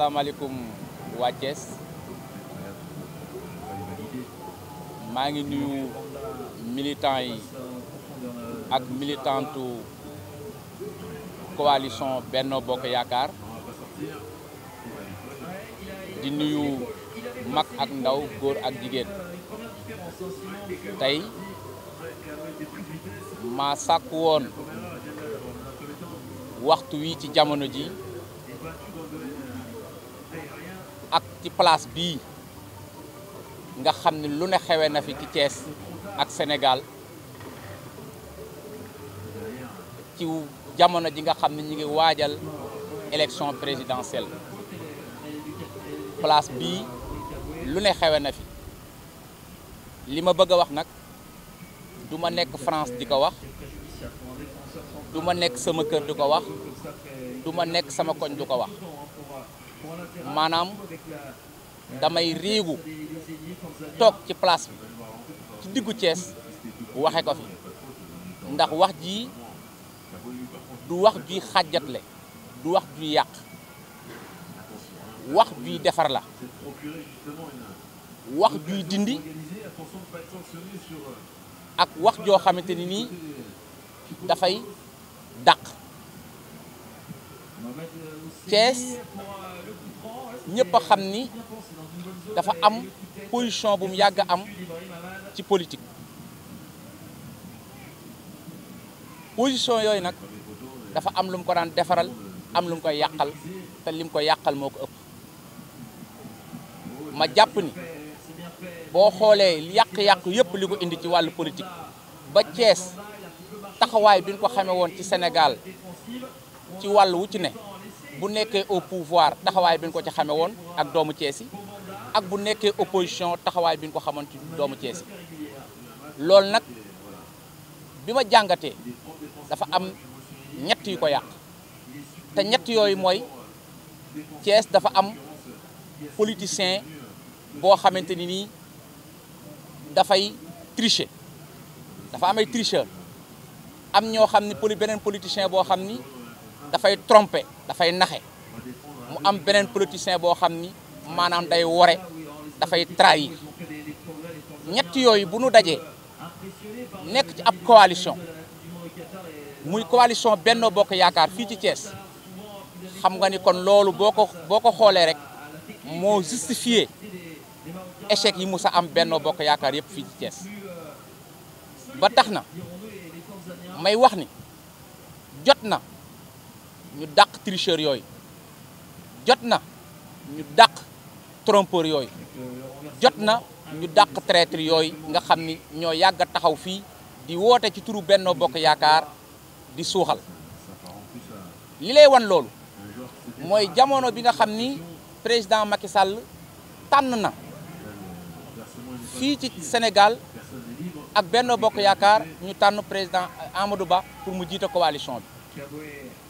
asalaamaaleykum waa maa ngi nuyu militants yi ak militantu coalition Benno Bokk Yaakaar di nuyu mag ak ndaw góor ak jigéen tey maa sàkk woon waxtu wi ci jamono ji ci place bi nga xamni ne lu ne xewe na fi ci Thiès ak Sénégal ci jamono ji nga xamni ñi ngi wajal élection présidentielle place bi lu ne xewe na fi lima bëgg wax nak duma nekk France diko wax duma ma nekk sama kër di wax duma nekk sama koñ di wax maanaam damay riigu toog ci place bi ci diggu cees waxe ko fi ndax wax ji du wax juy xàjjatle du wax juy yàq wax juy defar la wax juy dindi ak wax joo xamante ni nii dafay dàq Thiès ñëpp a xam ni dafa am position bu mu yàgg am ci politique position yooyu nag dafa am lu mu ko daan defaral am lu mu koy yàqal te lim ko yàqal moo ko ëpp ma jàpp ni boo xoolee yàq-yàq yëpp li ko indi ci wàllu politique ba cees taxawaay bi ñu ko xamee woon ci Sénégal ci walu wu ci ne bu nekkee au pouvoir taxaway biñ ko ci xamee ak doomu Thiès ak bu nekkee opposition taxaway biñ ko xamoon doomu Thiès yi nak bima bi dafa am ñett yu ko yaq te ñett yoy moy Thiès dafa am politicien bo xamante ni da fay tricher dafa am ay tricheur am ño xamni poli politicien bo xamni dafay tromper dafay naxe mu am beneen politicien boo xam ni maanaam day wore dafay trahir ñett yooyu bu nu dajee nekk ci ab coalition muy coalition Benno Bokk Yaakaar fii ci Thiès xam nga ni kon loolu boo ko boo ko xoolee rek moo justifié échec yi musa am Benno Bokk Yaakaar yëpp fii ci Thiès ba tax na may wax ni jot na ñu dàq tricheur yooyu jot na ñu dàq trompeur yooyu jot na ñu dàq traître yooyu nga xam ni ñoo yàgg a taxaw fii di woote ci turu Benno Bokk Yaakaar di suuxal li lay wan loolu mooy jamono bi nga xam ni président Macky Sall tànn na fii ci Sénégal ak Benno Bokk Yaakaar ñu tànn président Amadou Ba pour mu jiite coalition bi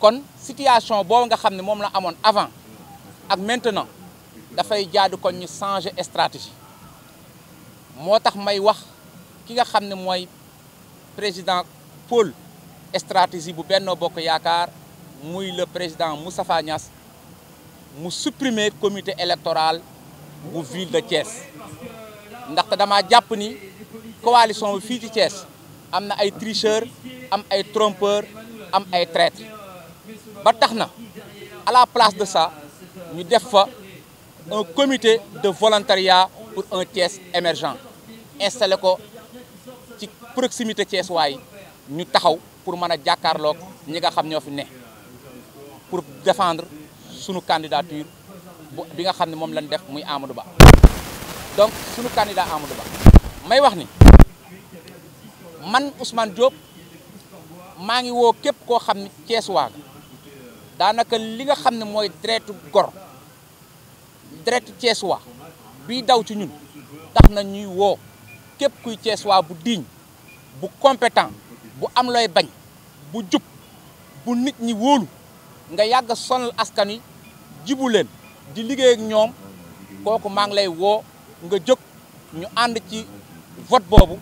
kon situation boobu nga xam ne la amoon avant ak maintenant dafay jaadu kon ñu changer stratégie moo tax may wax ki nga xam ne président Paul, stratégie bu Benno Bokk Yaakaar muy le président qui Niass mu supprimer comité électoral la ville de Thiès ndaxte dama jàpp ni coalition bi ci Thiès am na ay tricheurs am ay trompeurs am ay traîtres ba à la place de ça ñu def fa un comité de volontariat pour un Thiès émergent installé ko ci proximité Thiès waay ñu taxaw pour mën a jàkkaarloog ñi nga xam pour défendre sunu candidature bi nga xam ne moom lañ def muy Amadou Ba donc suñu candidat Amadou Ba may wax ni man Ousmane Diop ma ngi wo képp ko xam Thiès daanaka li nga xam ne mooy deretu gor deretu ceesuwaa biy daw ci ñun tax na ñuy woo képp kuy ceesuwaa bu diiñ bu compétent bu am lay bañ bu jub bu nit ñi wóolu nga yàgg sonal askan wi jibu leen di liggéey ak ñoom kooku maa ngi lay woo nga jóg ñu ànd ci vote boobu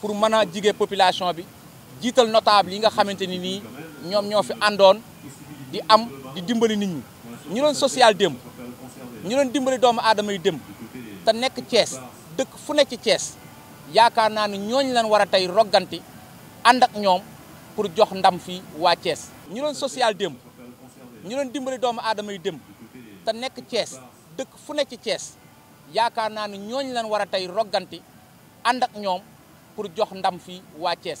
pour mën a jige population bi jiital notable yi nga xamante ni nii ñoom ñoo fi àndoon di am di dimbali nit ñi ñu doon social démb ñu leen dimbali doomu aadama yi démb te nekk Thiès dëkk fu nekk ci Thiès yaakaar naa ne ñooñu leen war a tey rogganti ànd ak ñoom pour jox ndam fii waa Thiès ñu doon social démb ñu doon dimbali doomu aadama yi démb te nekk Thiès dëkk fu nekk ci Thiès yaakaar naa ne ñooñu leen war a tey rogganti ànd ak ñoom pour jox ndam fi waa Thiès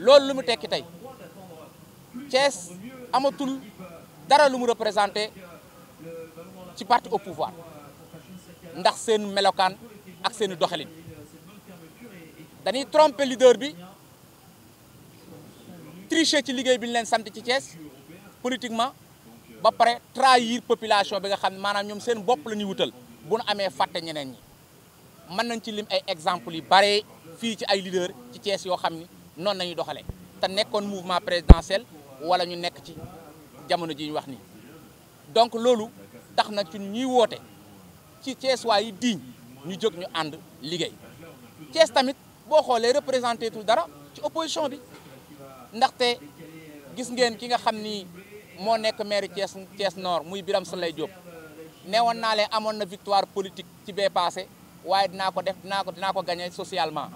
loolu lu mu tekki tey Thiès amatul dara lu mu représenté ci parti au pouvoir ndax seen melokaan ak seen doxalin dañuy tromper leader bi tricher ci liggéey bi ñu leen sant ci Thiès politiquement ba pare trahir population bi nga xam ne maanaam seen bopp la ñuy wutal bu nu amee fàtte ñeneen ñi nañ ci lim ay exemple yi bare fi ci ay leader ci Thiès yo xam il aller. mouvement présidentiel wala ñu nekk ci jamono ji ñu donc Lolo tax na ci ñuy woote ci Cees yi Nous ñu nous ñu tamit représenté tout dara ci opposition bi gis ngeen ni maire Nord muy Birame Diop nous na victoire politique ci passé n'a dinaa ko def nous ko gagné socialement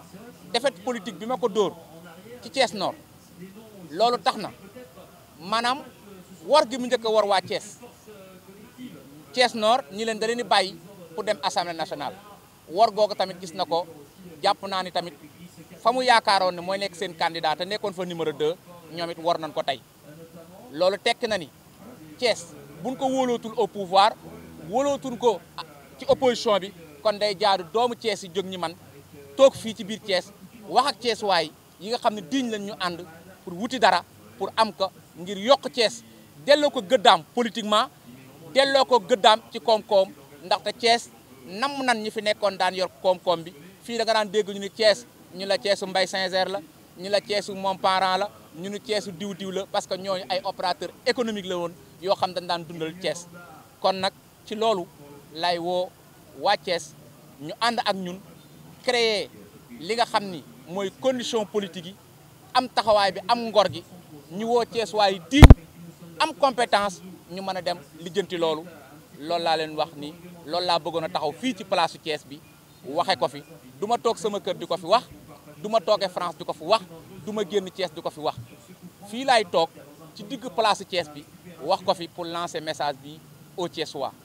défaite politique ci cees Nord loolu tax na maanaam war gi mu njëkk a war waa Thiès Thiès Nord ñi leen da leen di bàyyi pour dem assemblée nationale war googu tamit gis na ko jàpp naa ni tamit fa mu yaakaaroon ne mooy nekk seen candidat te nekkoon fa numéro 2 ñoomit it war nañ ko tey loolu tekk na ni Thiès buñ ko wóolootul au pouvoir wóolootul ko ci opposition bi kon day jaadu doomu cees yi jóg ñi man toog fii ci biir Thiès wax ak Thiès waay yi nga xam ne diñ lañ ñu ànd pour wuti dara pour am ko ngir yokk cees delloo ko gëddaam politiquement delloo ko gëddaam ci koom-koom ndaxte Thiès namm nan ñi fi nekkoon daan yor koom-koom bi fii da nga daan dégg ñu ni cees ñu la Thièsu Mbaye Sincère la ñu la Thièsu moom parent la ñu ni ceesu diw diw la parce que ñooñu ay opérateur économique la woon yoo xam dañ daan dundal Thiès kon nag ci loolu lay woo waa cees ñu ànd ak ñun créer li nga xamni moy condition politique yi am taxaway bi am ngor gi ñu woo ceesuwaay di am compétence ñu mëna dem lijeenti lolu loolu la leen wax ni loolu la bëggoon taxaw fi ci place su bi waxe ko fi du tok sama kër di ko fi wax du ma France di ko fi wax du ma génn Thiès di ko fi wax fi lay tok ci digg place su bi wax ko fi pour lancer message bi au Thiessois